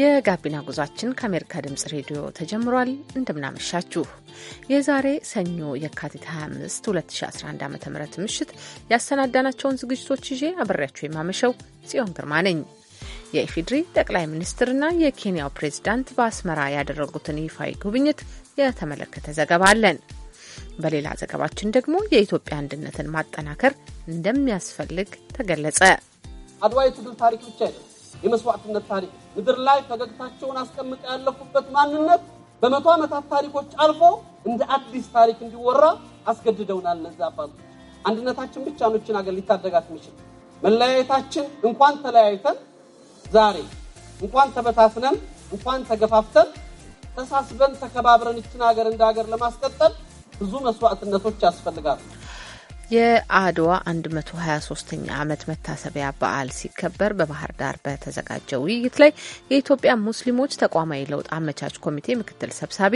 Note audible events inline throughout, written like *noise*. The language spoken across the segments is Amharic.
የጋቢና ጉዟችን ከአሜሪካ ድምጽ ሬዲዮ ተጀምሯል። እንደምናመሻችሁ የዛሬ ሰኞ የካቲት 25 2011 ዓ ም ምሽት ያሰናዳናቸውን ዝግጅቶች ይዤ አብሬያችሁ የማመሸው ጽዮን ግርማ ነኝ። የኢፌዴሪ ጠቅላይ ሚኒስትርና የኬንያው ፕሬዝዳንት በአስመራ ያደረጉትን ይፋዊ ጉብኝት የተመለከተ ዘገባ አለን። በሌላ ዘገባችን ደግሞ የኢትዮጵያ አንድነትን ማጠናከር እንደሚያስፈልግ ተገለጸ። አድዋ የትግል ታሪክ ብቻ አይደለም፣ የመስዋዕትነት ታሪክ። ምድር ላይ ፈገግታቸውን አስቀምጠ ያለፉበት ማንነት በመቶ ዓመታት ታሪኮች አልፎ እንደ አዲስ ታሪክ እንዲወራ አስገድደውናል። እነዛ አባቶች አንድነታችን ብቻ ኖችን አገር ሊታደጋት የሚችል። መለያየታችን እንኳን ተለያይተን ዛሬ እንኳን ተበታትነን እንኳን ተገፋፍተን ተሳስበን ተከባብረን ይችን ሀገር እንደ ሀገር ለማስቀጠል ብዙ መስዋዕትነቶች ያስፈልጋሉ። የአድዋ 123ኛ ዓመት መታሰቢያ በዓል ሲከበር በባህር ዳር በተዘጋጀው ውይይት ላይ የኢትዮጵያ ሙስሊሞች ተቋማዊ ለውጥ አመቻች ኮሚቴ ምክትል ሰብሳቢ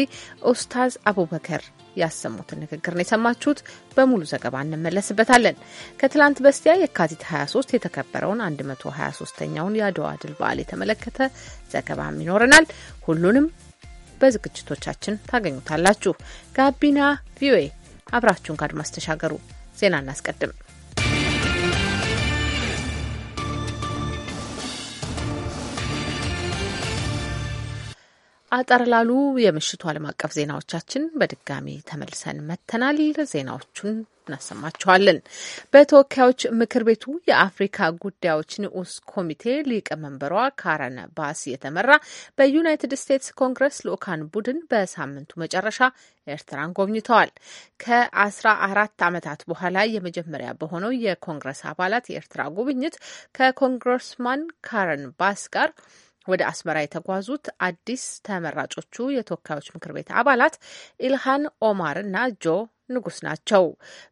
ኡስታዝ አቡበከር ያሰሙትን ንግግር ነው የሰማችሁት። በሙሉ ዘገባ እንመለስበታለን። ከትላንት በስቲያ የካቲት 23 የተከበረውን 123ኛውን የአድዋ ድል በዓል የተመለከተ ዘገባም ይኖረናል። ሁሉንም በዝግጅቶቻችን ታገኙታላችሁ። ጋቢና ቪኦኤ አብራችሁን ከአድማስ ተሻገሩ። ዜና እናስቀድም። አጠር ላሉ የምሽቱ ዓለም አቀፍ ዜናዎቻችን በድጋሚ ተመልሰን መተናል። ዜናዎቹን እናሰማችኋለን። በተወካዮች ምክር ቤቱ የአፍሪካ ጉዳዮች ንዑስ ኮሚቴ ሊቀመንበሯ ካረን ባስ የተመራ በዩናይትድ ስቴትስ ኮንግረስ ልዑካን ቡድን በሳምንቱ መጨረሻ ኤርትራን ጎብኝተዋል። ከአስራ አራት ዓመታት በኋላ የመጀመሪያ በሆነው የኮንግረስ አባላት የኤርትራ ጉብኝት ከኮንግረስማን ካረን ባስ ጋር ወደ አስመራ የተጓዙት አዲስ ተመራጮቹ የተወካዮች ምክር ቤት አባላት ኢልሃን ኦማር እና ጆ ንጉስ ናቸው።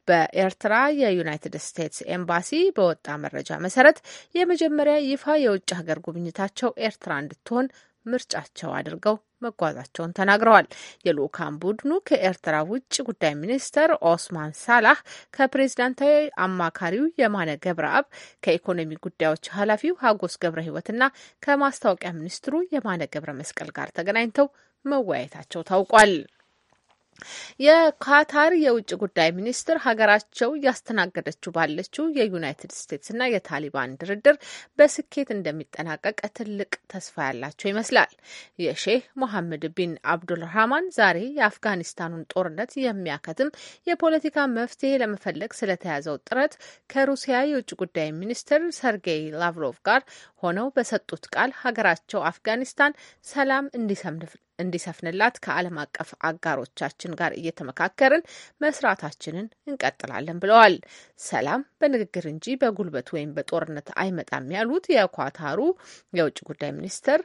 በኤርትራ የዩናይትድ ስቴትስ ኤምባሲ በወጣ መረጃ መሰረት የመጀመሪያ ይፋ የውጭ ሀገር ጉብኝታቸው ኤርትራ እንድትሆን ምርጫቸው አድርገው መጓዛቸውን ተናግረዋል። የልኡካን ቡድኑ ከኤርትራ ውጭ ጉዳይ ሚኒስተር ኦስማን ሳላህ፣ ከፕሬዚዳንታዊ አማካሪው የማነ ገብረአብ፣ ከኢኮኖሚ ጉዳዮች ኃላፊው ሀጎስ ገብረ ና ከማስታወቂያ ሚኒስትሩ የማነ ገብረ መስቀል ጋር ተገናኝተው መወያየታቸው ታውቋል። የካታር የውጭ ጉዳይ ሚኒስትር ሀገራቸው እያስተናገደችው ባለችው የዩናይትድ ስቴትስና የታሊባን ድርድር በስኬት እንደሚጠናቀቅ ትልቅ ተስፋ ያላቸው ይመስላል። የሼህ ሞሐመድ ቢን አብዱልራህማን ዛሬ የአፍጋኒስታኑን ጦርነት የሚያከትም የፖለቲካ መፍትሄ ለመፈለግ ስለተያዘው ጥረት ከሩሲያ የውጭ ጉዳይ ሚኒስትር ሰርጌይ ላቭሮቭ ጋር ሆነው በሰጡት ቃል ሀገራቸው አፍጋኒስታን ሰላም እንዲሰፍንላት ከዓለም አቀፍ አጋሮቻችን ጋር እየተመካከርን መስራታችንን እንቀጥላለን ብለዋል። ሰላም በንግግር እንጂ በጉልበት ወይም በጦርነት አይመጣም ያሉት የኳታሩ የውጭ ጉዳይ ሚኒስትር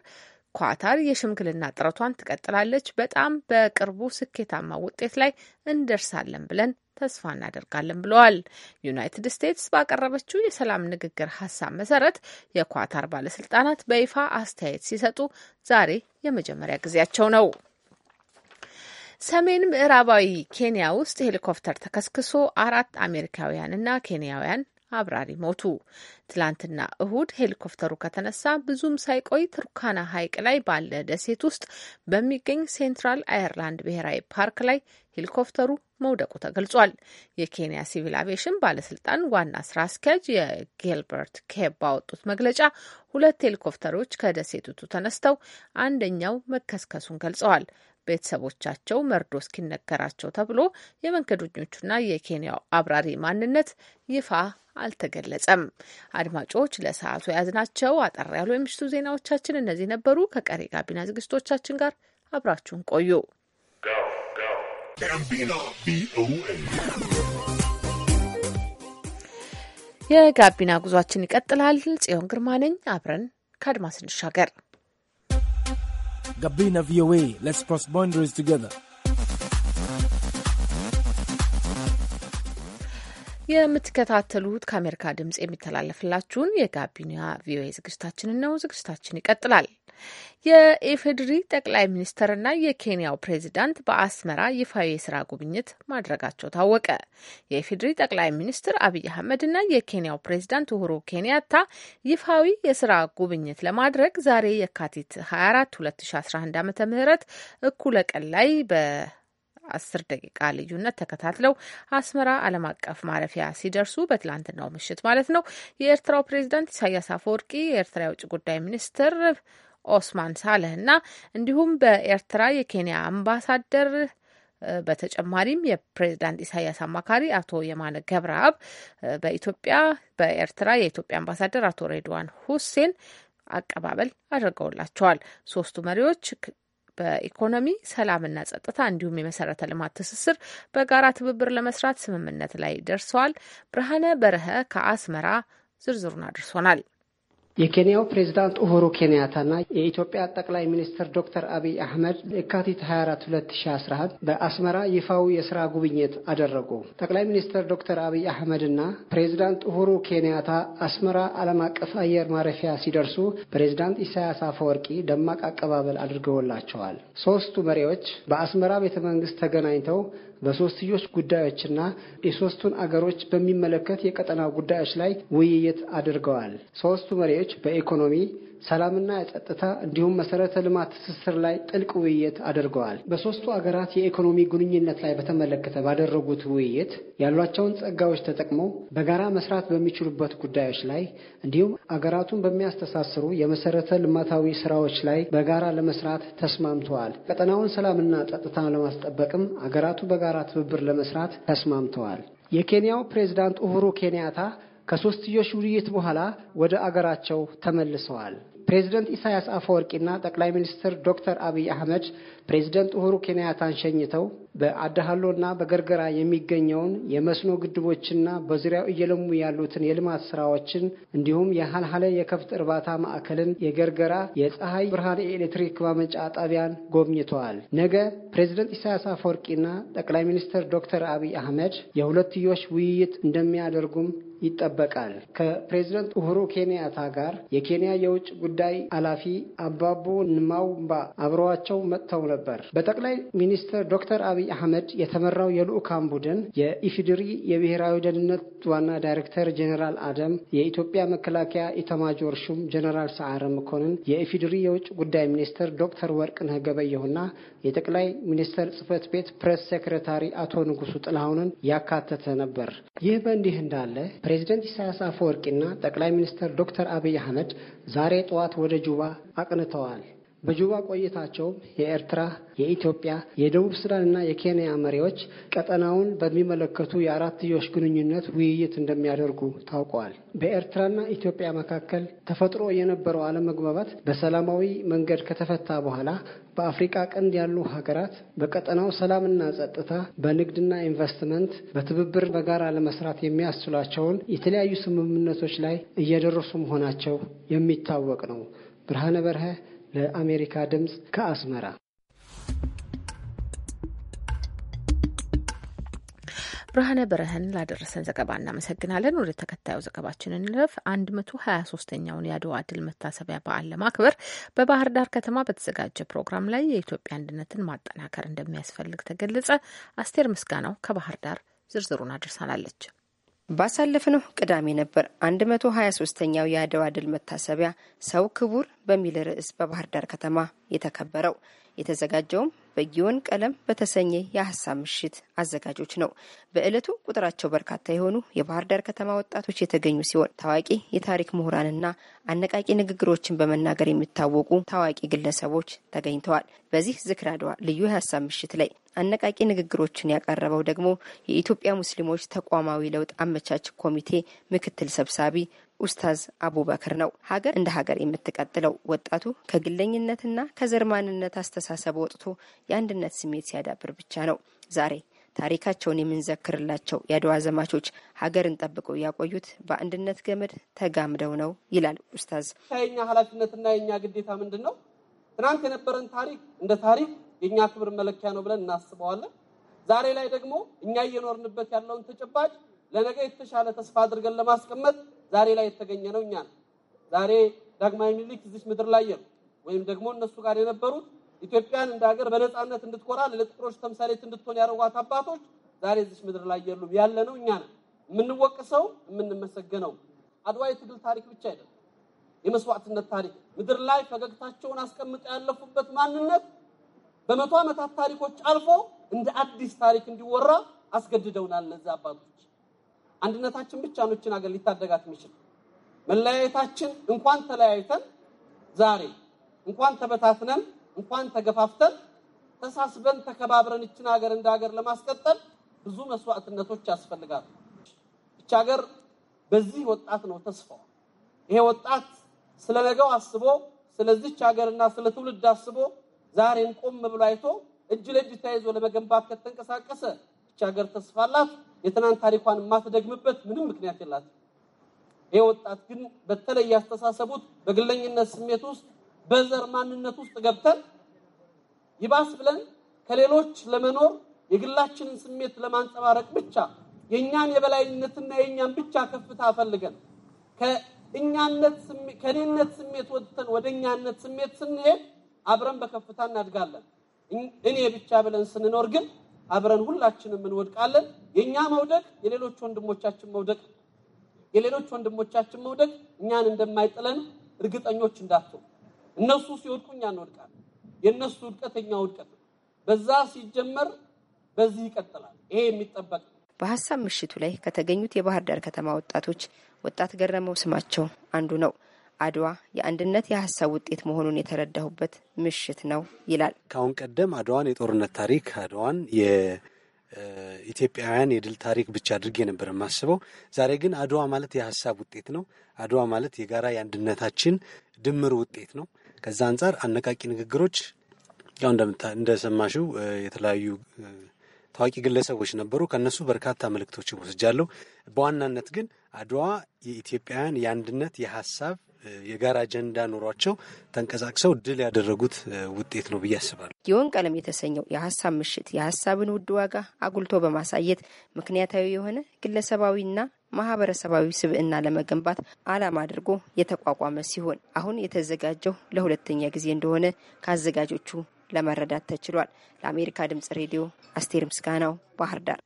ኳታር የሽምግልና ጥረቷን ትቀጥላለች። በጣም በቅርቡ ስኬታማ ውጤት ላይ እንደርሳለን ብለን ተስፋ እናደርጋለን ብለዋል። ዩናይትድ ስቴትስ ባቀረበችው የሰላም ንግግር ሀሳብ መሰረት የኳታር ባለስልጣናት በይፋ አስተያየት ሲሰጡ ዛሬ የመጀመሪያ ጊዜያቸው ነው። ሰሜን ምዕራባዊ ኬንያ ውስጥ ሄሊኮፕተር ተከስክሶ አራት አሜሪካውያንና ኬንያውያን አብራሪ ሞቱ። ትላንትና እሁድ ሄሊኮፕተሩ ከተነሳ ብዙም ሳይቆይ ቱርካና ሐይቅ ላይ ባለ ደሴት ውስጥ በሚገኝ ሴንትራል አየርላንድ ብሔራዊ ፓርክ ላይ ሄሊኮፕተሩ መውደቁ ተገልጿል። የኬንያ ሲቪል አቪዬሽን ባለስልጣን ዋና ስራ አስኪያጅ የጌልበርት ኬብ ባወጡት መግለጫ ሁለት ሄሊኮፕተሮች ከደሴቲቱ ተነስተው አንደኛው መከስከሱን ገልጸዋል። ቤተሰቦቻቸው መርዶ እስኪነገራቸው ተብሎ የመንገደኞቹና የኬንያው አብራሪ ማንነት ይፋ አልተገለጸም። አድማጮች ለሰዓቱ የያዝናቸው አጠር ያሉ የምሽቱ ዜናዎቻችን እነዚህ ነበሩ። ከቀሪ ጋቢና ዝግጅቶቻችን ጋር አብራችሁን ቆዩ። የጋቢና ጉዟችን ይቀጥላል። ጽዮን ግርማ ነኝ። አብረን ከአድማስ እንሻገር። Gabina VOA. Let's cross boundaries together. የምትከታተሉት ከአሜሪካ ድምጽ የሚተላለፍላችሁን የጋቢና ቪኦኤ ዝግጅታችንን ነው። ዝግጅታችን ይቀጥላል። የኢፌዴሪ ጠቅላይ ሚኒስትርና የኬንያው ፕሬዚዳንት በአስመራ ይፋዊ የስራ ጉብኝት ማድረጋቸው ታወቀ። የኢፌዴሪ ጠቅላይ ሚኒስትር አብይ አህመድና የኬንያው ፕሬዚዳንት ኡሁሩ ኬንያታ ይፋዊ የስራ ጉብኝት ለማድረግ ዛሬ የካቲት 24 2011 ዓ ም እኩለ ቀን ላይ በ አስር ደቂቃ ልዩነት ተከታትለው አስመራ ዓለም አቀፍ ማረፊያ ሲደርሱ በትላንትናው ምሽት ማለት ነው የኤርትራው ፕሬዚዳንት ኢሳያስ አፈወርቂ የኤርትራ የውጭ ጉዳይ ሚኒስትር ኦስማን ሳለህ እና እንዲሁም በኤርትራ የኬንያ አምባሳደር በተጨማሪም የፕሬዚዳንት ኢሳያስ አማካሪ አቶ የማነ ገብረአብ በኢትዮጵያ በኤርትራ የኢትዮጵያ አምባሳደር አቶ ሬድዋን ሁሴን አቀባበል አድርገውላቸዋል። ሶስቱ መሪዎች በኢኮኖሚ ሰላምና ጸጥታ እንዲሁም የመሰረተ ልማት ትስስር በጋራ ትብብር ለመስራት ስምምነት ላይ ደርሰዋል። ብርሃነ በረሀ ከአስመራ ዝርዝሩን አድርሶናል። የኬንያው ፕሬዝዳንት ኡሁሩ ኬንያታና የኢትዮጵያ ጠቅላይ ሚኒስትር ዶክተር አብይ አህመድ የካቲት 24 2011 በአስመራ ይፋው የስራ ጉብኝት አደረጉ። ጠቅላይ ሚኒስትር ዶክተር አብይ አህመድና ፕሬዝዳንት ኡሁሩ ኬንያታ አስመራ ዓለም አቀፍ አየር ማረፊያ ሲደርሱ ፕሬዝዳንት ኢሳያስ አፈወርቂ ደማቅ አቀባበል አድርገውላቸዋል። ሦስቱ መሪዎች በአስመራ ቤተ መንግስት ተገናኝተው በሶስትዮሽ ጉዳዮችና የሶስቱን አገሮች በሚመለከት የቀጠና ጉዳዮች ላይ ውይይት አድርገዋል። ሶስቱ መሪዎች በኢኮኖሚ ሰላምና የጸጥታ እንዲሁም መሰረተ ልማት ትስስር ላይ ጥልቅ ውይይት አድርገዋል። በሶስቱ አገራት የኢኮኖሚ ግንኙነት ላይ በተመለከተ ባደረጉት ውይይት ያሏቸውን ጸጋዎች ተጠቅመው በጋራ መስራት በሚችሉበት ጉዳዮች ላይ እንዲሁም አገራቱን በሚያስተሳስሩ የመሰረተ ልማታዊ ስራዎች ላይ በጋራ ለመስራት ተስማምተዋል። ቀጠናውን ሰላምና ጸጥታ ለማስጠበቅም አገራቱ በጋራ ትብብር ለመስራት ተስማምተዋል። የኬንያው ፕሬዝዳንት ኡሁሩ ኬንያታ ከሶስትዮሽ ውይይት በኋላ ወደ አገራቸው ተመልሰዋል። ፕሬዝደንት ኢሳያስ አፈወርቂና ጠቅላይ ሚኒስትር ዶክተር አብይ አህመድ ፕሬዝደንት ኡሁሩ ኬንያታን ሸኝተው በአዳሃሎና በገርገራ የሚገኘውን የመስኖ ግድቦችና በዙሪያው እየለሙ ያሉትን የልማት ስራዎችን እንዲሁም የሀልሀለ የከብት እርባታ ማዕከልን፣ የገርገራ የፀሐይ ብርሃን የኤሌክትሪክ ማመንጫ ጣቢያን ጎብኝተዋል። ነገ ፕሬዝደንት ኢሳያስ አፈወርቂና ጠቅላይ ሚኒስትር ዶክተር አብይ አህመድ የሁለትዮሽ ውይይት እንደሚያደርጉም ይጠበቃል። ከፕሬዝደንት ኡሁሩ ኬንያታ ጋር የኬንያ የውጭ ጉዳይ ኃላፊ አባቦ ንማውምባ አብረዋቸው መጥተው ነበር። በጠቅላይ ሚኒስትር ዶክተር አብይ አህመድ የተመራው የልዑካን ቡድን የኢፊድሪ የብሔራዊ ደህንነት ዋና ዳይሬክተር ጀኔራል አደም፣ የኢትዮጵያ መከላከያ ኢታማዦር ሹም ጀኔራል ሰዓረ መኮንን፣ የኢፊድሪ የውጭ ጉዳይ ሚኒስትር ዶክተር ወርቅነህ ገበየሁና የጠቅላይ ሚኒስተር ጽህፈት ቤት ፕሬስ ሴክሬታሪ አቶ ንጉሱ ጥላሁንን ያካተተ ነበር። ይህ በእንዲህ እንዳለ ፕሬዚደንት ኢሳያስ አፈወርቂና ጠቅላይ ሚኒስትር ዶክተር አብይ አህመድ ዛሬ ጠዋት ወደ ጁባ አቅንተዋል። በጁባ ቆይታቸውም የኤርትራ፣ የኢትዮጵያ፣ የደቡብ ሱዳን እና የኬንያ መሪዎች ቀጠናውን በሚመለከቱ የአራትዮሽ ግንኙነት ውይይት እንደሚያደርጉ ታውቋል። በኤርትራና ኢትዮጵያ መካከል ተፈጥሮ የነበረው አለመግባባት በሰላማዊ መንገድ ከተፈታ በኋላ በአፍሪቃ ቀንድ ያሉ ሀገራት በቀጠናው ሰላምና ጸጥታ፣ በንግድና ኢንቨስትመንት በትብብር በጋራ ለመስራት የሚያስችሏቸውን የተለያዩ ስምምነቶች ላይ እየደረሱ መሆናቸው የሚታወቅ ነው። ብርሃነ በርሀ ለአሜሪካ ድምፅ ከአስመራ ብርሃነ በረህን ላደረሰን ዘገባ እናመሰግናለን። ወደ ተከታዩ ዘገባችን እንለፍ። 123ኛውን የአድዋ ድል መታሰቢያ በዓል ለማክበር በባህር ዳር ከተማ በተዘጋጀ ፕሮግራም ላይ የኢትዮጵያ አንድነትን ማጠናከር እንደሚያስፈልግ ተገለጸ። አስቴር ምስጋናው ከባህር ዳር ዝርዝሩን አድርሳናለች። ባሳለፍነው ቅዳሜ ነበር 123ኛው የአድዋ ድል መታሰቢያ ሰው ክቡር በሚል ርዕስ በባህር ዳር ከተማ የተከበረው። የተዘጋጀውም በጊዮን ቀለም በተሰኘ የሀሳብ ምሽት አዘጋጆች ነው። በዕለቱ ቁጥራቸው በርካታ የሆኑ የባህር ዳር ከተማ ወጣቶች የተገኙ ሲሆን ታዋቂ የታሪክ ምሁራንና አነቃቂ ንግግሮችን በመናገር የሚታወቁ ታዋቂ ግለሰቦች ተገኝተዋል። በዚህ ዝክረ አድዋ ልዩ የሀሳብ ምሽት ላይ አነቃቂ ንግግሮችን ያቀረበው ደግሞ የኢትዮጵያ ሙስሊሞች ተቋማዊ ለውጥ አመቻች ኮሚቴ ምክትል ሰብሳቢ ኡስታዝ አቡበክር ነው። ሀገር እንደ ሀገር የምትቀጥለው ወጣቱ ከግለኝነትና ከዘርማንነት አስተሳሰብ ወጥቶ የአንድነት ስሜት ሲያዳብር ብቻ ነው። ዛሬ ታሪካቸውን የምንዘክርላቸው የአድዋ ዘማቾች ሀገርን ጠብቀው ያቆዩት በአንድነት ገመድ ተጋምደው ነው ይላል ኡስታዝ። የኛ ኃላፊነትና የኛ ግዴታ ምንድን ነው? ትናንት የነበረን ታሪክ እንደ ታሪክ የእኛ ክብር መለኪያ ነው ብለን እናስበዋለን። ዛሬ ላይ ደግሞ እኛ እየኖርንበት ያለውን ተጨባጭ ለነገ የተሻለ ተስፋ አድርገን ለማስቀመጥ ዛሬ ላይ የተገኘ ነው። እኛ ዛሬ ዳግማዊ ምኒልክ እዚህ ምድር ላይ የሉ ወይም ደግሞ እነሱ ጋር የነበሩት ኢትዮጵያን እንደ ሀገር በነፃነት እንድትኮራ ለጥቁሮች ተምሳሌት እንድትሆን ያደረጓት አባቶች ዛሬ እዚህ ምድር ላይ የሉም። ያለ ነው እኛ ነን የምንወቅሰው የምንመሰገነው። አድዋ የትግል ታሪክ ብቻ አይደለም፣ የመስዋዕትነት ታሪክ ምድር ላይ ፈገግታቸውን አስቀምጠው ያለፉበት ማንነት በመቶ ዓመታት ታሪኮች አልፎ እንደ አዲስ ታሪክ እንዲወራ አስገድደውናል እነዚህ አባቶች። አንድነታችን ብቻ ነው እችን ሀገር ሊታደጋት የሚችል። መለያየታችን እንኳን ተለያይተን ዛሬ እንኳን ተበታትነን እንኳን ተገፋፍተን ተሳስበን ተከባብረን እችን ሀገር እንደ ሀገር ለማስቀጠል ብዙ መስዋዕትነቶች ያስፈልጋሉ። እች ሀገር በዚህ ወጣት ነው ተስፋዋ። ይሄ ወጣት ስለ ነገው አስቦ ስለዚች ሀገርና ስለ ትውልድ አስቦ ዛሬን ቆም ብሎ አይቶ እጅ ለእጅ ተያይዞ ለመገንባት ከተንቀሳቀሰ እች ሀገር ተስፋላት። የትናንት ታሪኳን የማትደግምበት ምንም ምክንያት የላት። ይህ ወጣት ግን በተለይ ያስተሳሰቡት በግለኝነት ስሜት ውስጥ በዘር ማንነት ውስጥ ገብተን ይባስ ብለን ከሌሎች ለመኖር የግላችንን ስሜት ለማንጸባረቅ ብቻ የኛን የበላይነትና የኛን ብቻ ከፍታ ፈልገን ከእኛነት ስሜት ከኔነት ስሜት ወጥተን ወደ እኛነት ስሜት ስንሄድ አብረን በከፍታ እናድጋለን። እኔ ብቻ ብለን ስንኖር ግን አብረን ሁላችንም እንወድቃለን። የኛ መውደቅ የሌሎች ወንድሞቻችን መውደቅ የሌሎች ወንድሞቻችን መውደቅ እኛን እንደማይጥለን እርግጠኞች እንዳትሆኑ። እነሱ ሲወድቁ እኛ እንወድቃለን። የእነሱ ውድቀት የኛ ውድቀት በዛ ሲጀመር በዚህ ይቀጥላል። ይሄ የሚጠበቅ በሀሳብ ምሽቱ ላይ ከተገኙት የባህር ዳር ከተማ ወጣቶች ወጣት ገረመው ስማቸው አንዱ ነው። አድዋ የአንድነት የሀሳብ ውጤት መሆኑን የተረዳሁበት ምሽት ነው ይላል። ከአሁን ቀደም አድዋን የጦርነት ታሪክ አድዋን የኢትዮጵያውያን የድል ታሪክ ብቻ አድርጌ ነበር የማስበው። ዛሬ ግን አድዋ ማለት የሀሳብ ውጤት ነው። አድዋ ማለት የጋራ የአንድነታችን ድምር ውጤት ነው። ከዛ አንጻር አነቃቂ ንግግሮች ያው እንደሰማሽው የተለያዩ ታዋቂ ግለሰቦች ነበሩ። ከነሱ በርካታ መልእክቶች ወስጃለሁ። በዋናነት ግን አድዋ የኢትዮጵያውያን የአንድነት የሀሳብ የጋራ አጀንዳ ኑሯቸው ተንቀሳቅሰው ድል ያደረጉት ውጤት ነው ብዬ አስባለሁ። የወን ቀለም የተሰኘው የሀሳብ ምሽት የሀሳብን ውድ ዋጋ አጉልቶ በማሳየት ምክንያታዊ የሆነ ግለሰባዊና ማህበረሰባዊ ስብዕና ለመገንባት ዓላማ አድርጎ የተቋቋመ ሲሆን አሁን የተዘጋጀው ለሁለተኛ ጊዜ እንደሆነ ከአዘጋጆቹ ለመረዳት ተችሏል። ለአሜሪካ ድምጽ ሬዲዮ አስቴር ምስጋናው ባህር ዳር።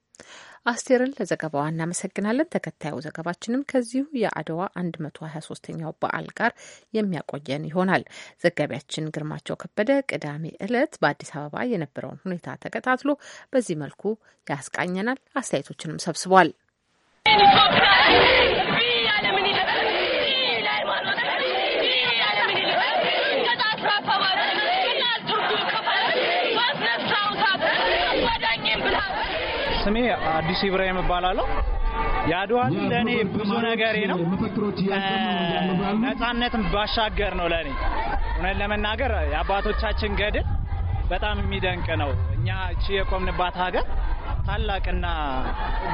አስቴርን ለዘገባዋ እናመሰግናለን። ተከታዩ ዘገባችንም ከዚሁ የአድዋ 123ኛው በዓል ጋር የሚያቆየን ይሆናል። ዘጋቢያችን ግርማቸው ከበደ ቅዳሜ ዕለት በአዲስ አበባ የነበረውን ሁኔታ ተከታትሎ በዚህ መልኩ ያስቃኘናል። አስተያየቶችንም ሰብስቧል። ስሜ አዲስ ኢብራሂም እባላለሁ። የአድዋ ድል ለእኔ ብዙ ነገሬ ነው። ነጻነትን ባሻገር ነው ለእኔ እውነት ለመናገር የአባቶቻችን ገድል በጣም የሚደንቅ ነው። እኛ እቺ የቆምንባት ሀገር ታላቅና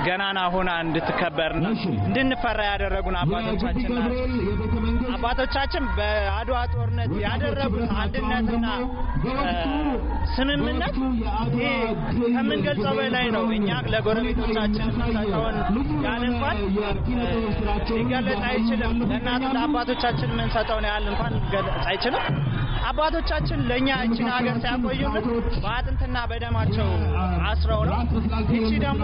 ገናና ሆና እንድትከበር እንድንፈራ ያደረጉን አባቶቻችን ናቸው። አባቶቻችን በአድዋ ጦርነት ያደረጉት አንድነትና ስምምነት ይህ ከምንገልጸው በላይ ነው። እኛ ለጎረቤቶቻችን ሰጠውን ያህል እንኳን ሊገለጽ አይችልም። ለእናት ለአባቶቻችን የምንሰጠውን ያህል እንኳን ሊገለጽ አይችልም። አባቶቻችን ለእኛ እችን ሀገር ሳያቆዩልን በአጥንትና በደማቸው አስረው ነው። እቺ ደግሞ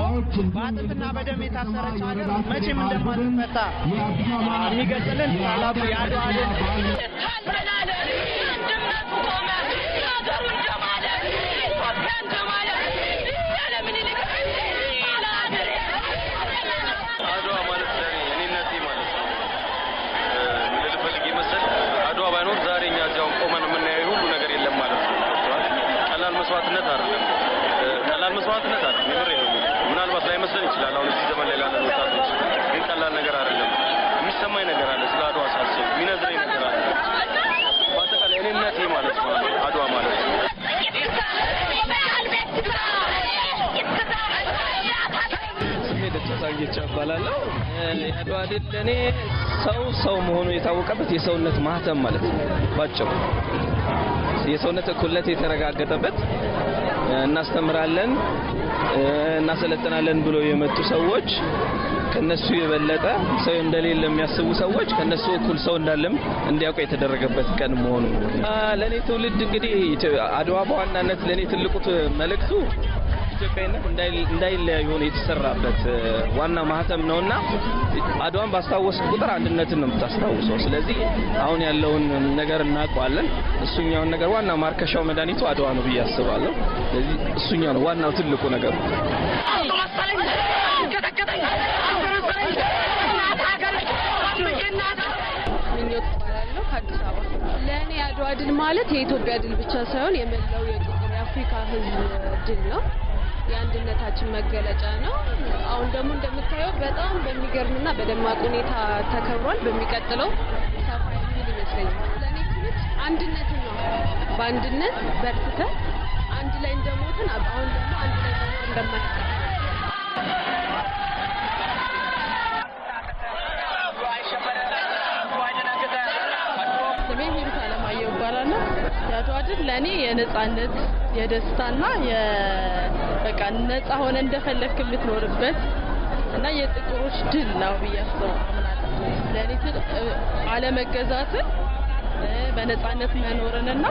በአጥንትና በደም የታሰረች ሀገር መቼም እንደማትፈታ የሚገልጽልን ታላቁ የአድዋ ድል ያዱ ሰው ሰው መሆኑ የታወቀበት የሰውነት ማህተም ማለት ነው። ባጭሩ የሰውነት እኩልነት የተረጋገጠበት እናስተምራለን፣ እናሰለጥናለን ብሎ የመጡ ሰዎች ከነሱ የበለጠ ሰው እንደሌለ የሚያስቡ ሰዎች ከነሱ እኩል ሰው እንዳለም እንዲያውቁ የተደረገበት ቀን መሆኑ ለኔ ትውልድ እንግዲህ አድዋ በዋናነት ለኔ ትልቁ መልእክቱ ኢትዮጵያዊነት እንዳይለያዩ ሆነ የተሰራበት ዋና ማህተም ነውና አድዋን ባስታወስ ቁጥር አንድነትን ነው የምታስታውሰው። ስለዚህ አሁን ያለውን ነገር እናውቀዋለን። እሱኛውን ነገር ዋና ማርከሻው መድኃኒቱ አድዋ ነው ብዬ አስባለሁ። ስለዚህ እሱኛ ነው ዋናው ትልቁ ነገር ለእኔ ድል ማለት የኢትዮጵያ ድል ብቻ ሳይሆን የመላው የአፍሪካ ሕዝብ ድል ነው። የአንድነታችን መገለጫ ነው። አሁን ደግሞ እንደምታየው በጣም በሚገርምና በደማቅ ሁኔታ ተከብሯል። በሚቀጥለው ሰፋ የሚል ይመስለኛል። ለእኔ ትምህርት አንድነት ነው። በአንድነት በርትተን አንድ ላይ እንደሞትን አሁን ደግሞ አንድ ላይ መኖር እንደማይቀር ለእኔ የነጻነት የደስታና በቃ ነጻ ሆነ እንደፈለክ የምትኖርበት እና የጥቁሮች ድል ነው ብዬ አስባለሁ። ለእኔ አለመገዛትን በነጻነት መኖርንና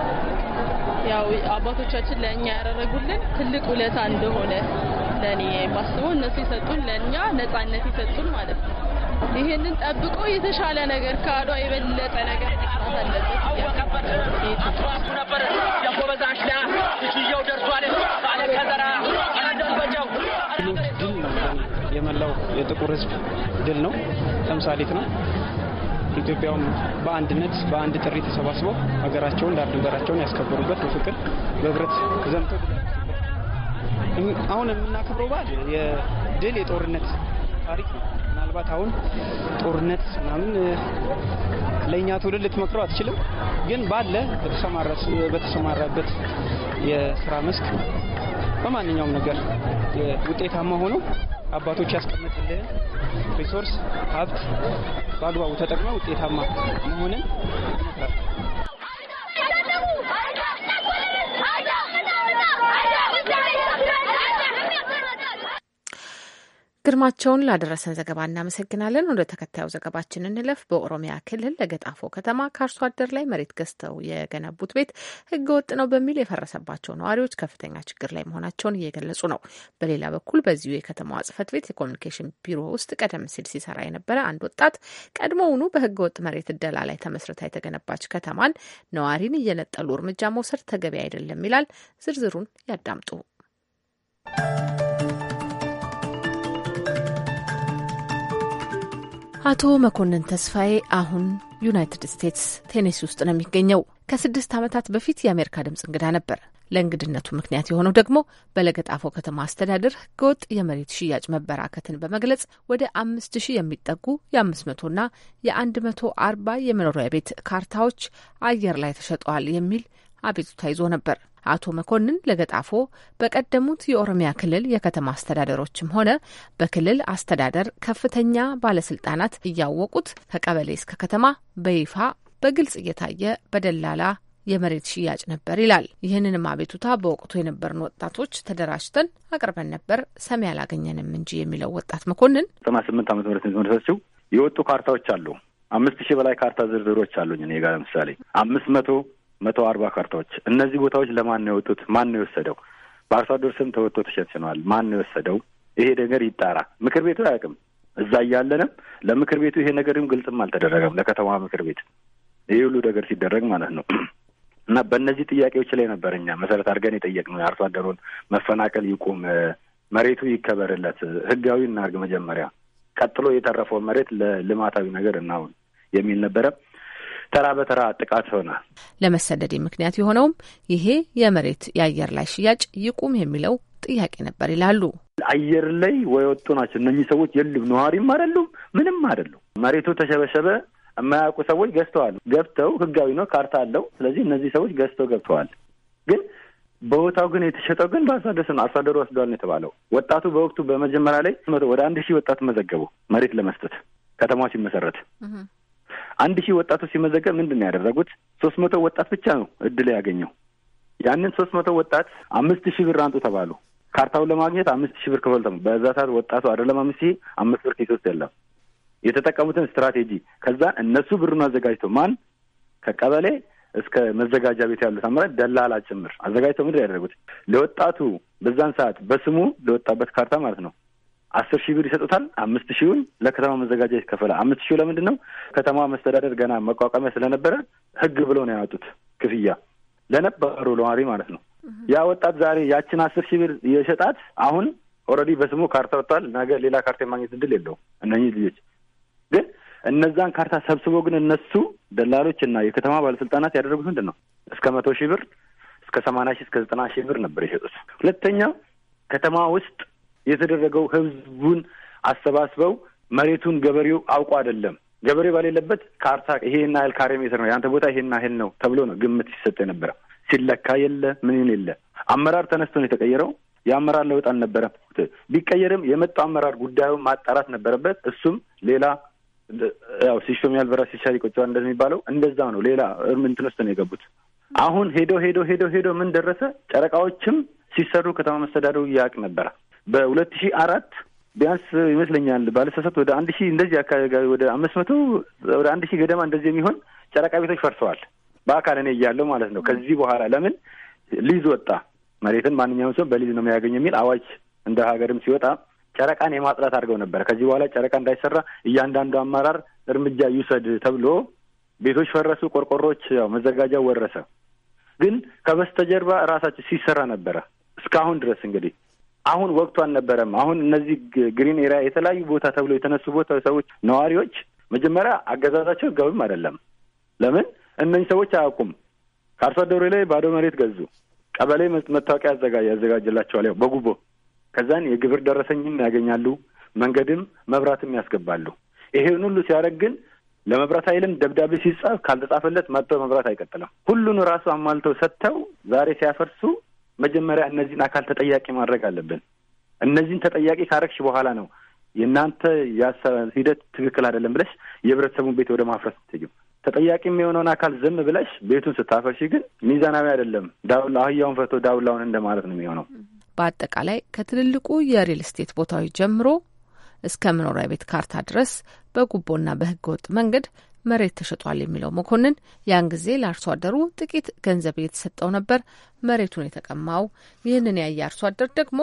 ያው አባቶቻችን ለእኛ ያደረጉልን ትልቅ ውለታ እንደሆነ ለእኔ ባስበው እነሱ ይሰጡን ለእኛ ነጻነት ይሰጡን ማለት ነው። ይሄንን ጠብቆ የተሻለ ነገር ከአድዋ የበለጠ ነገር የመላው የጥቁር ሕዝብ ድል ነው፣ ተምሳሌት ነው። ኢትዮጵያውም በአንድነት በአንድ ጥሪ ተሰባስበው ሀገራቸውን ዳር ድንበራቸውን ያስከበሩበት በፍቅር በህብረት ዘምቶ አሁን የምናከብረው በዓል የድል የጦርነት ታሪክ ነው። ምናልባት አሁን ጦርነት ምናምን ለእኛ ትውልድ ልትመክረው አትችልም፣ ግን ባለ በተሰማራበት የስራ መስክ በማንኛውም ነገር ውጤታማ ሆኖ አባቶች ያስቀምጥልህን ሪሶርስ ሀብት በአግባቡ ተጠቅመ ውጤታማ መሆንን ይመክራል። ግርማቸውን ላደረሰን ዘገባ እናመሰግናለን። ወደ ተከታዩ ዘገባችን እንለፍ። በኦሮሚያ ክልል ለገጣፎ ከተማ ከአርሶ አደር ላይ መሬት ገዝተው የገነቡት ቤት ወጥ ነው በሚል የፈረሰባቸው ነዋሪዎች ከፍተኛ ችግር ላይ መሆናቸውን እየገለጹ ነው። በሌላ በኩል በዚሁ የከተማዋ ጽሕፈት ቤት የኮሚኒኬሽን ቢሮ ውስጥ ቀደም ሲል ሲሰራ የነበረ አንድ ወጣት ቀድሞውኑ ወጥ መሬት እደላ ላይ ተመስርታ የተገነባች ከተማን ነዋሪን እየነጠሉ እርምጃ መውሰድ ተገቢ አይደለም ይላል። ዝርዝሩን ያዳምጡ። አቶ መኮንን ተስፋዬ አሁን ዩናይትድ ስቴትስ ቴኔሲ ውስጥ ነው የሚገኘው። ከስድስት ዓመታት በፊት የአሜሪካ ድምፅ እንግዳ ነበር። ለእንግድነቱ ምክንያት የሆነው ደግሞ በለገጣፎ ከተማ አስተዳደር ህገወጥ የመሬት ሽያጭ መበራከትን በመግለጽ ወደ አምስት ሺህ የሚጠጉ የአምስት መቶና የአንድ መቶ አርባ የመኖሪያ ቤት ካርታዎች አየር ላይ ተሸጠዋል የሚል አቤቱታ ይዞ ነበር። አቶ መኮንን ለገጣፎ በቀደሙት የኦሮሚያ ክልል የከተማ አስተዳደሮችም ሆነ በክልል አስተዳደር ከፍተኛ ባለስልጣናት እያወቁት ከቀበሌ እስከ ከተማ በይፋ በግልጽ እየታየ በደላላ የመሬት ሽያጭ ነበር ይላል። ይህንንም አቤቱታ በወቅቱ የነበርን ወጣቶች ተደራጅተን አቅርበን ነበር፣ ሰሚ አላገኘንም እንጂ የሚለው ወጣት መኮንን ዘጠና ስምንት ዓመተ ምረት የተመሰረተችው የወጡ ካርታዎች አሉ። አምስት ሺህ በላይ ካርታ ዝርዝሮች አሉኝ እኔ ጋር ለምሳሌ አምስት መቶ መቶ አርባ ካርታዎች። እነዚህ ቦታዎች ለማን ነው የወጡት? ማን ነው የወሰደው? በአርሶ አደር ስም ተወጥቶ ተሸንሽነዋል። ማን ነው የወሰደው? ይሄ ነገር ይጣራ። ምክር ቤቱ አያውቅም። እዛ እያለንም ለምክር ቤቱ ይሄ ነገርም ግልጽም አልተደረገም፣ ለከተማ ምክር ቤት ይህ ሁሉ ነገር ሲደረግ ማለት ነው። *clears throat* እና በእነዚህ ጥያቄዎች ላይ ነበር እኛ መሰረት አድርገን የጠየቅነው የአርሶ አደሩን መፈናቀል ይቁም፣ መሬቱ ይከበርለት፣ ህጋዊ እናርግ መጀመሪያ፣ ቀጥሎ የተረፈውን መሬት ለልማታዊ ነገር እናሁን የሚል ነበረ። ተራ በተራ ጥቃት ይሆናል። ለመሰደድ ምክንያት የሆነውም ይሄ የመሬት የአየር ላይ ሽያጭ ይቁም የሚለው ጥያቄ ነበር ይላሉ። አየር ላይ ወይወጡ ናቸው እነኚህ ሰዎች። የሉም፣ ነዋሪም አይደሉም፣ ምንም አይደሉም። መሬቱ ተሸበሸበ። የማያውቁ ሰዎች ገዝተዋል። ገብተው ህጋዊ ነው፣ ካርታ አለው። ስለዚህ እነዚህ ሰዎች ገዝተው ገብተዋል። ግን በቦታው ግን የተሸጠው ግን በአርሶ ነው። አርሶ ወስደዋል ነው የተባለው። ወጣቱ በወቅቱ በመጀመሪያ ላይ ወደ አንድ ሺህ ወጣት መዘገቡ መሬት ለመስጠት ከተማ ሲመሰረት አንድ ሺህ ወጣቶች ሲመዘገብ ምንድን ነው ያደረጉት? ሶስት መቶ ወጣት ብቻ ነው እድል ያገኘው። ያንን ሶስት መቶ ወጣት አምስት ሺህ ብር አንጡ ተባሉ። ካርታውን ለማግኘት አምስት ሺህ ብር ክፈል። በዛ ሰዓት ወጣቱ አይደለም አምስት ሺህ አምስት ብር ኪስ ውስጥ የለም። የተጠቀሙትን ስትራቴጂ ከዛ እነሱ ብሩን አዘጋጅተው ማን ከቀበሌ እስከ መዘጋጃ ቤት ያሉት አምራች ደላላ ጭምር አዘጋጅተው ምድር ያደረጉት ለወጣቱ በዛን ሰዓት በስሙ ለወጣበት ካርታ ማለት ነው አስር ሺህ ብር ይሰጡታል። አምስት ሺውን ለከተማ መዘጋጃ ይከፈላል። አምስት ሺው ለምንድን ነው? ከተማ መስተዳደር ገና መቋቋሚያ ስለነበረ ህግ ብሎ ነው ያወጡት ክፍያ ለነበሩ ለዋሪ ማለት ነው። ያ ወጣት ዛሬ ያችን አስር ሺህ ብር የሸጣት አሁን ኦልሬዲ በስሙ ካርታ ወጥቷል። ነገ ሌላ ካርታ የማግኘት እድል የለውም። እነኚህ ልጆች ግን እነዛን ካርታ ሰብስቦ ግን እነሱ ደላሎች እና የከተማ ባለስልጣናት ያደረጉት ምንድን ነው? እስከ መቶ ሺህ ብር እስከ ሰማንያ ሺህ እስከ ዘጠና ሺህ ብር ነበር የሸጡት። ሁለተኛው ከተማ ውስጥ የተደረገው ህዝቡን አሰባስበው መሬቱን ገበሬው አውቆ አይደለም። ገበሬው በሌለበት ካርታ ይሄን ያህል ካሬ ሜትር ነው የአንተ ቦታ ይሄን ያህል ነው ተብሎ ነው ግምት ሲሰጥ የነበረ። ሲለካ የለ ምንን የለ። አመራር ተነስቶ ነው የተቀየረው። የአመራር ለውጥ አልነበረም። ቢቀየርም የመጣው አመራር ጉዳዩን ማጣራት ነበረበት። እሱም ሌላ ያው ሲሾም ያልበራ ሲሻር ይቆጨዋል እንደሚባለው እንደዛ ነው። ሌላ እርምንትን ውስጥ ነው የገቡት። አሁን ሄዶ ሄዶ ሄዶ ሄዶ ምን ደረሰ? ጨረቃዎችም ሲሰሩ ከተማ መስተዳደሩ ያውቅ ነበራ በሁለት ሺህ አራት ቢያንስ ይመስለኛል ባለሰሰት ወደ አንድ ሺህ እንደዚህ አካባቢ ወደ አምስት መቶ ወደ አንድ ሺህ ገደማ እንደዚህ የሚሆን ጨረቃ ቤቶች ፈርሰዋል። በአካል እኔ እያለሁ ማለት ነው። ከዚህ በኋላ ለምን ሊዝ ወጣ። መሬትን ማንኛውም ሰው በሊዝ ነው የሚያገኝ የሚል አዋጅ እንደ ሀገርም ሲወጣ ጨረቃን የማጽዳት አድርገው ነበር ከዚህ በኋላ ጨረቃ እንዳይሰራ እያንዳንዱ አመራር እርምጃ ይውሰድ ተብሎ ቤቶች ፈረሱ፣ ቆርቆሮች ያው መዘጋጃው ወረሰ። ግን ከበስተጀርባ ራሳቸው ሲሰራ ነበረ እስካሁን ድረስ እንግዲህ አሁን ወቅቱ አልነበረም። አሁን እነዚህ ግሪን ኤሪያ የተለያዩ ቦታ ተብሎ የተነሱ ቦታ ሰዎች ነዋሪዎች መጀመሪያ አገዛዛቸው ህጋዊም አይደለም። ለምን እነኝህ ሰዎች አያውቁም። ከአርሶ አደሩ ላይ ባዶ መሬት ገዙ። ቀበሌ መታወቂያ ያዘጋጅላቸዋል፣ ያው በጉቦ ከዛን የግብር ደረሰኝም ያገኛሉ። መንገድም መብራትም ያስገባሉ። ይሄን ሁሉ ሲያደርግ ግን ለመብራት ኃይልም ደብዳቤ ሲጻፍ ካልተጻፈለት መጥቶ መብራት አይቀጥልም። ሁሉን ራሱ አሟልተው ሰጥተው ዛሬ ሲያፈርሱ መጀመሪያ እነዚህን አካል ተጠያቂ ማድረግ አለብን። እነዚህን ተጠያቂ ካረግሽ በኋላ ነው የእናንተ የአሰብ ሂደት ትክክል አይደለም ብለሽ የህብረተሰቡን ቤት ወደ ማፍረስ ትጅም። ተጠያቂ የሚሆነውን አካል ዝም ብለሽ ቤቱን ስታፈርሺ ግን ሚዛናዊ አይደለም። ዳውላ አህያውን ፈቶ ዳውላውን እንደማለት ነው የሚሆነው። በአጠቃላይ ከትልልቁ የሪል ስቴት ቦታዎች ጀምሮ እስከ መኖሪያ ቤት ካርታ ድረስ በጉቦና በህገወጥ መንገድ መሬት ተሸጧል የሚለው መኮንን ያን ጊዜ ለአርሶ አደሩ ጥቂት ገንዘብ እየተሰጠው ነበር። መሬቱን የተቀማው ይህንን ያየ አርሶ አደር ደግሞ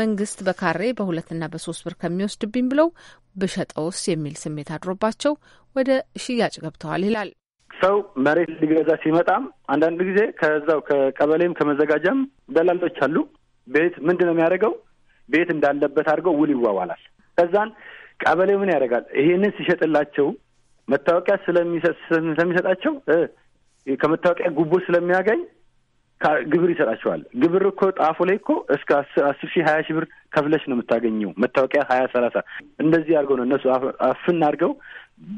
መንግስት በካሬ በሁለትና በሶስት ብር ከሚወስድብኝ ብለው ብሸጠውስ የሚል ስሜት አድሮባቸው ወደ ሽያጭ ገብተዋል ይላል። ሰው መሬት ሊገዛ ሲመጣም አንዳንድ ጊዜ ከዛው ከቀበሌም ከመዘጋጃም ደላሎች አሉ። ቤት ምንድን ነው የሚያደርገው? ቤት እንዳለበት አድርገው ውል ይዋዋላል። ከዛን ቀበሌ ምን ያደርጋል? ይሄንን ሲሸጥላቸው መታወቂያ ስለሚሰጣቸው ከመታወቂያ ጉቦ ስለሚያገኝ ግብር ይሰጣቸዋል። ግብር እኮ ጣፎ ላይ እኮ እስከ አስር ሺህ ሀያ ሺህ ብር ከፍለሽ ነው የምታገኘው። መታወቂያ ሀያ ሰላሳ እንደዚህ አድርገው ነው እነሱ አፍን አድርገው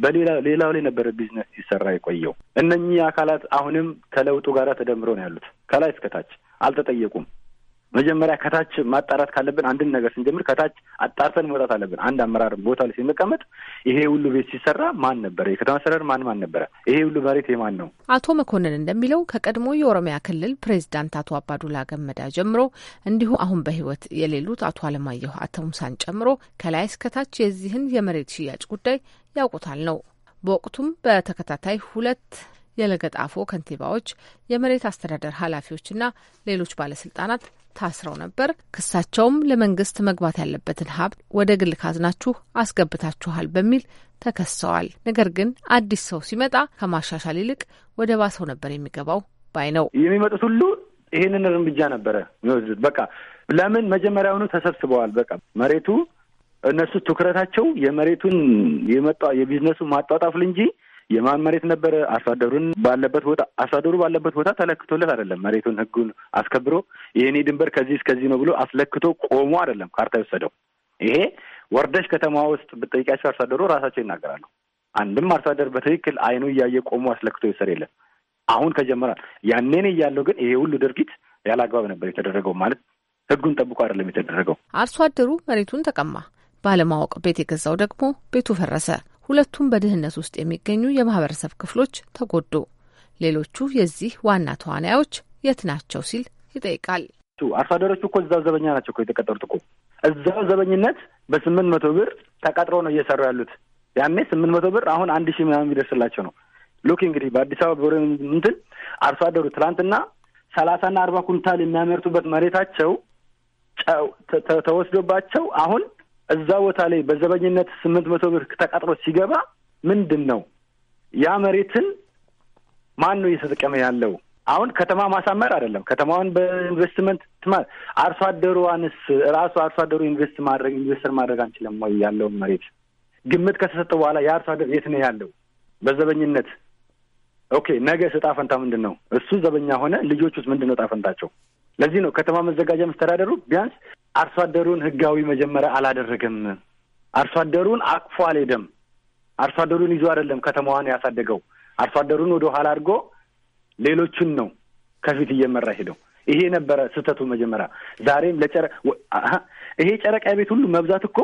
በሌላ ሌላው ላይ ነበረ ቢዝነስ ሲሰራ የቆየው። እነኚህ አካላት አሁንም ከለውጡ ጋር ተደምሮ ነው ያሉት። ከላይ እስከታች አልተጠየቁም። መጀመሪያ ከታች ማጣራት ካለብን አንድን ነገር ስንጀምር ከታች አጣርተን መውጣት አለብን። አንድ አመራር ቦታ ላይ ሲመቀመጥ ይሄ ሁሉ ቤት ሲሰራ ማን ነበረ? የከተማ አስተዳደር ማን ማን ነበረ? ይሄ ሁሉ መሬት የማን ነው? አቶ መኮንን እንደሚለው ከቀድሞ የኦሮሚያ ክልል ፕሬዚዳንት አቶ አባዱላ ገመዳ ጀምሮ እንዲሁም አሁን በህይወት የሌሉት አቶ አለማየሁ አተሙሳን ጨምሮ ከላይ እስከታች የዚህን የመሬት ሽያጭ ጉዳይ ያውቁታል ነው። በወቅቱም በተከታታይ ሁለት የለገጣፎ ከንቲባዎች፣ የመሬት አስተዳደር ኃላፊዎችና ሌሎች ባለስልጣናት ታስረው ነበር። ክሳቸውም ለመንግስት መግባት ያለበትን ሀብት ወደ ግል ካዝናችሁ አስገብታችኋል በሚል ተከሰዋል። ነገር ግን አዲስ ሰው ሲመጣ ከማሻሻል ይልቅ ወደ ባሰው ነበር የሚገባው ባይ ነው። የሚመጡት ሁሉ ይሄንን እርምጃ ነበረ የሚወስዱት። በቃ ለምን መጀመሪያውኑ ተሰብስበዋል። በቃ መሬቱ እነሱ ትኩረታቸው የመሬቱን የመጣ የቢዝነሱን ማጧጣፍል እንጂ የማን መሬት ነበረ? አርሶ ባለበት ቦታ አርሶ ባለበት ቦታ ተለክቶለት አይደለም። መሬቱን ህጉን አስከብሮ የእኔ ድንበር ከዚህ እስከዚህ ነው ብሎ አስለክቶ ቆሞ አይደለም ካርታ የወሰደው። ይሄ ወርደሽ ከተማ ውስጥ ብጠይቂያቸው አርሶ ራሳቸው ይናገራሉ። አንድም አርሶአደር በትክክል አይኑ እያየ ቆሞ አስለክቶ የወሰደ የለም። አሁን ከጀመራል ያኔን እያለው ግን ይሄ ሁሉ ድርጊት ያለ አግባብ ነበር የተደረገው ማለት ህጉን ጠብቆ አይደለም የተደረገው። አርሶ አደሩ መሬቱን ተቀማ ባለማወቅ ቤት የገዛው ደግሞ ቤቱ ፈረሰ። ሁለቱም በድህነት ውስጥ የሚገኙ የማህበረሰብ ክፍሎች ተጎዱ። ሌሎቹ የዚህ ዋና ተዋናዮች የት ናቸው ሲል ይጠይቃል። አርሶ አደሮቹ እኮ እዛው ዘበኛ ናቸው እኮ የተቀጠሩት እኮ እዛው ዘበኝነት በስምንት መቶ ብር ተቀጥሮ ነው እየሰሩ ያሉት። ያኔ ስምንት መቶ ብር አሁን አንድ ሺህ ምናምን ቢደርስላቸው ነው። ሉክ እንግዲህ በአዲስ አበባ ቢሮ እንትን አርሶ አደሩ ትላንትና ሰላሳና አርባ ኩንታል የሚያመርቱበት መሬታቸው ተወስዶባቸው አሁን እዛ ቦታ ላይ በዘበኝነት ስምንት መቶ ብር ተቃጥሎ ሲገባ ምንድን ነው ያ መሬትን ማን ነው እየተጠቀመ ያለው? አሁን ከተማ ማሳመር አይደለም። ከተማውን በኢንቨስትመንት አርሶ አደሩዋንስ ራሱ አርሶ አደሩ ኢንቨስት ማድረግ ኢንቨስተር ማድረግ አንችልም ወይ? ያለውን መሬት ግምት ከተሰጠ በኋላ የአርሶ አደር የት ነው ያለው? በዘበኝነት ኦኬ። ነገ እጣ ፈንታ ምንድን ነው? እሱ ዘበኛ ሆነ፣ ልጆቹስ ምንድን ነው እጣ ፈንታቸው? ለዚህ ነው ከተማ መዘጋጃ መስተዳደሩ ቢያንስ አርሶ አደሩን ህጋዊ መጀመሪያ አላደረገም። አርሶ አደሩን አቅፎ አልሄደም። አርሶ አደሩን ይዞ አይደለም ከተማዋን ያሳደገው። አርሶ አደሩን ወደ ኋላ አድርጎ ሌሎቹን ነው ከፊት እየመራ ሄደው። ይሄ ነበረ ስህተቱ መጀመሪያ። ዛሬም ለጨረ ይሄ ጨረቃ ቤት ሁሉ መብዛት እኮ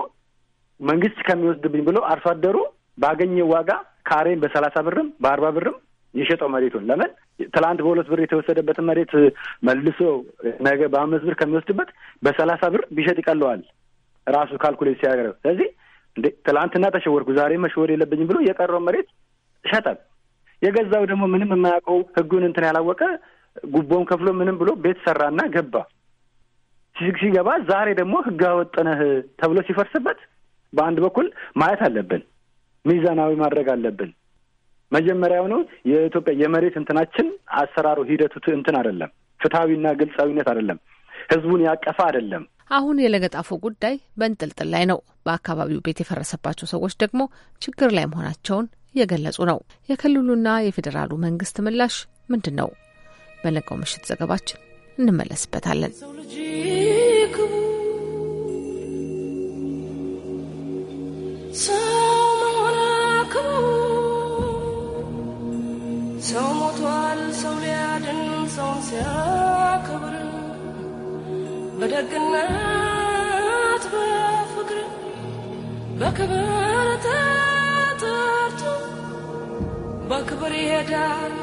መንግስት ከሚወስድብኝ ብሎ አርሶ አደሩ ባገኘው ዋጋ ካሬን በሰላሳ ብርም በአርባ ብርም የሸጠው መሬቱን ለምን ትላንት በሁለት ብር የተወሰደበትን መሬት መልሶ ነገ በአምስት ብር ከሚወስድበት በሰላሳ ብር ቢሸጥ ይቀለዋል ራሱ ካልኩሌት ሲያገረው። ስለዚህ እንደ ትላንትና ተሸወርኩ ዛሬ መሸወር የለብኝም ብሎ የቀረው መሬት ይሸጣል። የገዛው ደግሞ ምንም የማያውቀው ህጉን እንትን ያላወቀ ጉቦውን ከፍሎ ምንም ብሎ ቤት ሰራና ገባ። ሲገባ ዛሬ ደግሞ ህግ አወጥነህ ተብሎ ሲፈርስበት በአንድ በኩል ማየት አለብን፣ ሚዛናዊ ማድረግ አለብን። መጀመሪያው ነው የኢትዮጵያ የመሬት እንትናችን አሰራሩ ሂደቱ እንትን አይደለም፣ ፍትሐዊና ግልጻዊነት አይደለም፣ ህዝቡን ያቀፈ አይደለም። አሁን የለገጣፎ ጉዳይ በንጥልጥል ላይ ነው። በአካባቢው ቤት የፈረሰባቸው ሰዎች ደግሞ ችግር ላይ መሆናቸውን እየገለጹ ነው። የክልሉና የፌዴራሉ መንግስት ምላሽ ምንድን ነው? በነገው ምሽት ዘገባችን እንመለስበታለን። ሲያከብር በደግነት በፍቅር በክብር ተጠርቶ በክብር ይሄዳል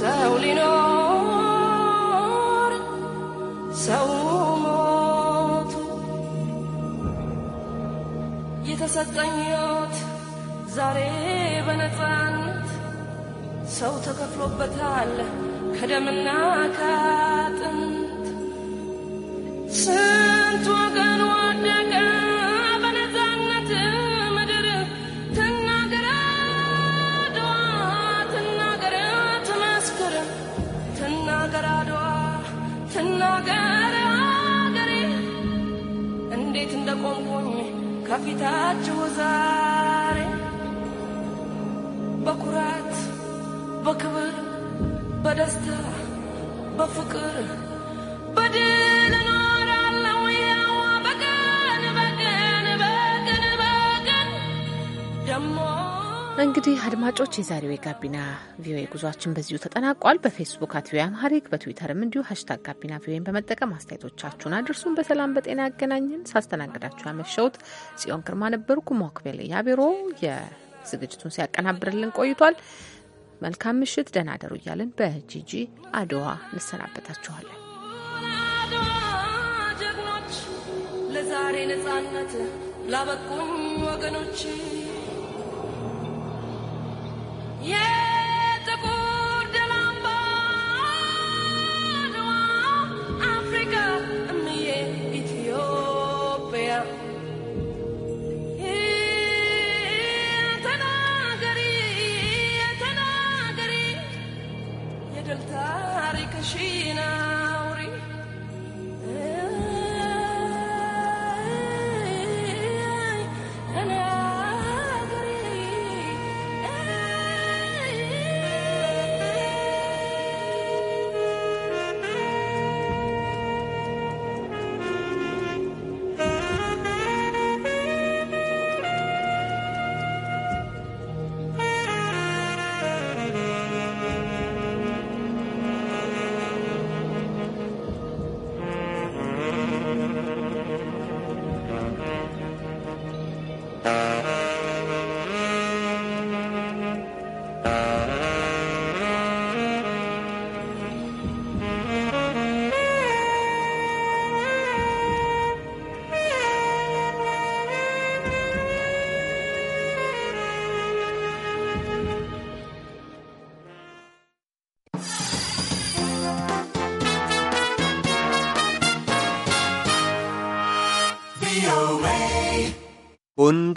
ሰው ሊኖር ሰው ሞቱ የተሰጠኝ ሕይወት ዛሬ በነፃነት ሰው ተከፍሎበታል። ከደምና ከአጥንት ስንት ወገን ወደቀ በነፃነት ምድር። ትናገር አድዋ፣ ትናገር ትመስክር፣ ትናገር አድዋ፣ ትናገር አገሬ እንዴት እንደቆምኩኝ ከፊታችሁ ዛሬ በኩራት በክብር በደስታ በፍቅር በድል እኖራለሁ በቀን በቀን በቀን በቀን ደሞ እንግዲህ አድማጮች የዛሬው የጋቢና ቪኦኤ ጉዟችን በዚሁ ተጠናቋል። በፌስቡክ አት ቪኦኤ አምሃሪክ በትዊተርም እንዲሁ ሀሽታግ ጋቢና ቪኦኤን በመጠቀም አስተያየቶቻችሁን አድርሱን። በሰላም በጤና ያገናኝን። ሳስተናግዳችሁ ያመሸውት ጽዮን ግርማ ነበርኩ። ሞክቤል ያቢሮ የዝግጅቱን ሲያቀናብርልን ቆይቷል። መልካም ምሽት፣ ደህና አደሩ እያለን በጂጂ አድዋ እንሰናበታችኋለን። ጀግኖች ለዛሬ ነጻነት ላበቁም ወገኖች